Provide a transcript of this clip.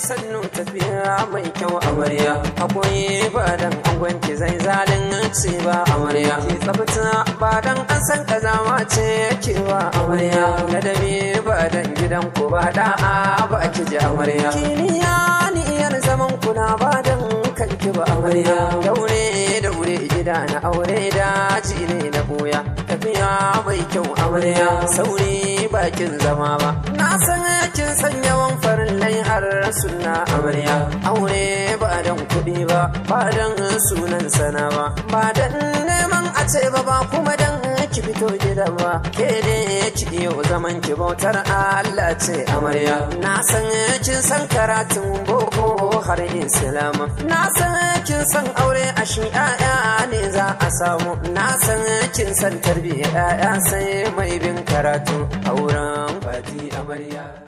sannu tafiya mai kyau amarya akwai ba dan angwanki zai zalunci ba amarya ki tsafta ba dan an san kazama ce ba amarya ladabi ba dan gidan ku ba da'a ba ki ji amarya ni niyyar zaman kuna ba dan kanki ba amarya daure daure gida na aure daji ne na boya tafiya mai kyau amarya sauri bakin zama ba na san kin san yawan har suna amarya aure ba dan kuɗi ba ba dan sunan sana ba ba dan neman a ce ba ba kuma dan ki fito gida ba ke ne ki yau zaman ki bautar Allah ce amarya na san kin san karatun boko har islama na san kin san aure a shi ne za a samu na san kin san tarbiyya aya sai mai bin karatu auren fati amarya